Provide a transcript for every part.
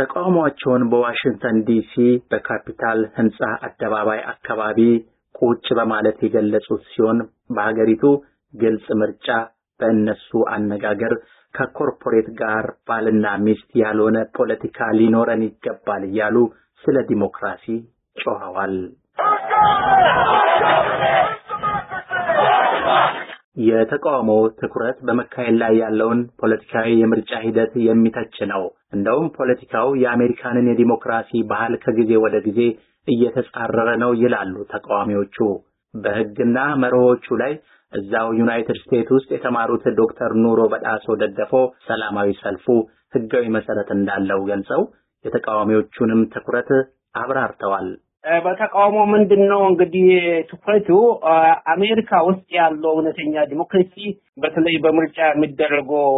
ተቃውሟቸውን በዋሽንግተን ዲሲ በካፒታል ህንፃ አደባባይ አካባቢ ቁጭ በማለት የገለጹት ሲሆን በሀገሪቱ ግልጽ ምርጫ በእነሱ አነጋገር ከኮርፖሬት ጋር ባልና ሚስት ያልሆነ ፖለቲካ ሊኖረን ይገባል እያሉ ስለ ዲሞክራሲ ጮኸዋል። የተቃውሞ ትኩረት በመካሄድ ላይ ያለውን ፖለቲካዊ የምርጫ ሂደት የሚተች ነው። እንደውም ፖለቲካው የአሜሪካንን የዲሞክራሲ ባህል ከጊዜ ወደ ጊዜ እየተጻረረ ነው ይላሉ ተቃዋሚዎቹ። በሕግና መርሆቹ ላይ እዛው ዩናይትድ ስቴትስ ውስጥ የተማሩት ዶክተር ኑሮ በጣሶ ደደፎ ሰላማዊ ሰልፉ ሕጋዊ መሰረት እንዳለው ገልጸው የተቃዋሚዎቹንም ትኩረት አብራርተዋል። በተቃውሞ ምንድን ነው እንግዲህ ትኩረቱ አሜሪካ ውስጥ ያለው እውነተኛ ዲሞክራሲ በተለይ በምርጫ የሚደረገው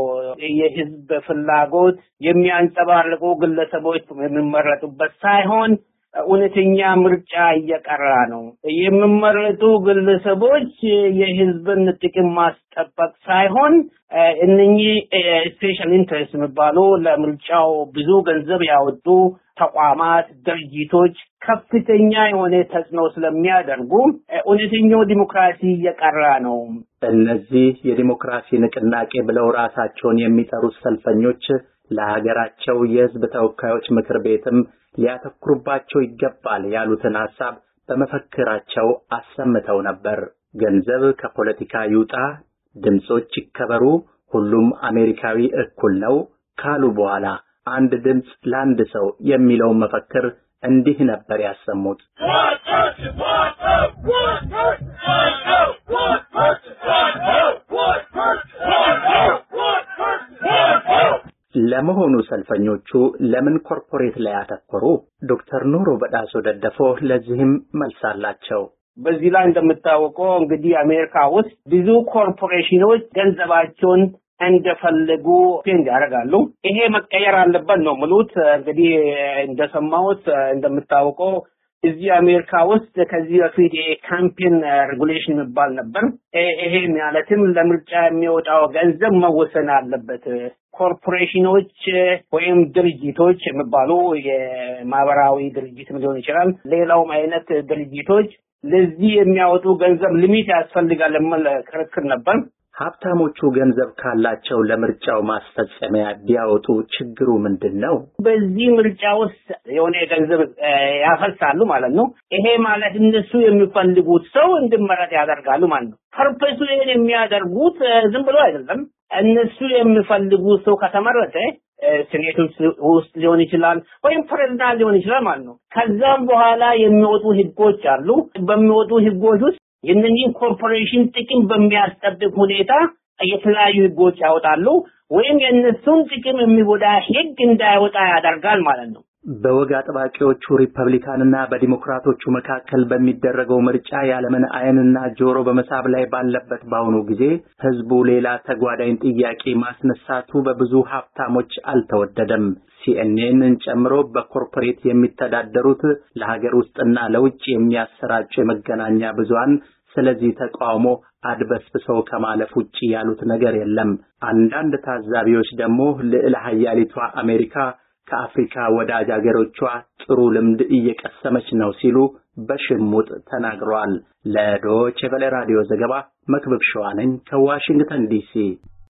የህዝብ ፍላጎት የሚያንጸባርቁ ግለሰቦች የሚመረጡበት ሳይሆን እውነተኛ ምርጫ እየቀራ ነው። የሚመረጡ ግለሰቦች የህዝብን ጥቅም ማስጠበቅ ሳይሆን እነኚህ ስፔሻል ኢንትረስት የሚባሉ ለምርጫው ብዙ ገንዘብ ያወጡ ተቋማት፣ ድርጅቶች ከፍተኛ የሆነ ተጽዕኖ ስለሚያደርጉ እውነተኛው ዲሞክራሲ እየቀራ ነው። እነዚህ የዲሞክራሲ ንቅናቄ ብለው ራሳቸውን የሚጠሩት ሰልፈኞች ለሀገራቸው የህዝብ ተወካዮች ምክር ቤትም ሊያተኩርባቸው ይገባል ያሉትን ሀሳብ በመፈክራቸው አሰምተው ነበር። ገንዘብ ከፖለቲካ ይውጣ፣ ድምፆች ይከበሩ፣ ሁሉም አሜሪካዊ እኩል ነው ካሉ በኋላ አንድ ድምፅ ለአንድ ሰው የሚለውን መፈክር እንዲህ ነበር ያሰሙት። ለመሆኑ ሰልፈኞቹ ለምን ኮርፖሬት ላይ አተኮሩ? ዶክተር ኑሩ በዳሶ ደደፎ ለዚህም መልስ አላቸው። በዚህ ላይ እንደምታወቀው እንግዲህ አሜሪካ ውስጥ ብዙ ኮርፖሬሽኖች ገንዘባቸውን እንደፈለጉ ፔንድ ያደርጋሉ። ይሄ መቀየር አለበት ነው ምሉት። እንግዲህ እንደሰማሁት እንደምታወቀው እዚህ አሜሪካ ውስጥ ከዚህ በፊት የካምፔን ሬጉሌሽን የሚባል ነበር። ይሄ ማለትም ለምርጫ የሚወጣው ገንዘብ መወሰን አለበት ኮርፖሬሽኖች ወይም ድርጅቶች የሚባሉ የማህበራዊ ድርጅትም ሊሆን ይችላል፣ ሌላውም አይነት ድርጅቶች ለዚህ የሚያወጡ ገንዘብ ልሚት ያስፈልጋል የሚል ክርክር ነበር። ሀብታሞቹ ገንዘብ ካላቸው ለምርጫው ማስፈጸሚያ ቢያወጡ ችግሩ ምንድን ነው? በዚህ ምርጫ ውስጥ የሆነ ገንዘብ ያፈልሳሉ ማለት ነው። ይሄ ማለት እነሱ የሚፈልጉት ሰው እንድመረጥ ያደርጋሉ ማለት ነው። ፐርፐሱ ይህን የሚያደርጉት ዝም ብሎ አይደለም። እነሱ የሚፈልጉት ሰው ከተመረጠ ሴኔት ውስጥ ሊሆን ይችላል ወይም ፕሬዝዳንት ሊሆን ይችላል ማለት ነው። ከዛም በኋላ የሚወጡ ህጎች አሉ። በሚወጡ ህጎች ውስጥ የእነዚህን ኮርፖሬሽን ጥቅም በሚያስጠብቅ ሁኔታ የተለያዩ ህጎች ያወጣሉ ወይም የእነሱን ጥቅም የሚጎዳ ህግ እንዳይወጣ ያደርጋል ማለት ነው። በወግ አጥባቂዎቹ ሪፐብሊካንና በዲሞክራቶቹ መካከል በሚደረገው ምርጫ የዓለምን አይንና ጆሮ በመሳብ ላይ ባለበት በአሁኑ ጊዜ ህዝቡ ሌላ ተጓዳኝ ጥያቄ ማስነሳቱ በብዙ ሀብታሞች አልተወደደም። ሲኤንኤንን ጨምሮ በኮርፖሬት የሚተዳደሩት ለሀገር ውስጥና ለውጭ የሚያሰራጩ የመገናኛ ብዙሃን ስለዚህ ተቃውሞ አድበስብሰው ከማለፍ ውጭ ያሉት ነገር የለም። አንዳንድ ታዛቢዎች ደግሞ ልዕለ ሀያሊቷ አሜሪካ ከአፍሪካ ወዳጅ አገሮቿ ጥሩ ልምድ እየቀሰመች ነው ሲሉ በሽሙጥ ተናግረዋል። ለዶቼ ቬለ ራዲዮ ዘገባ መክብብ ሸዋነኝ ከዋሽንግተን ዲሲ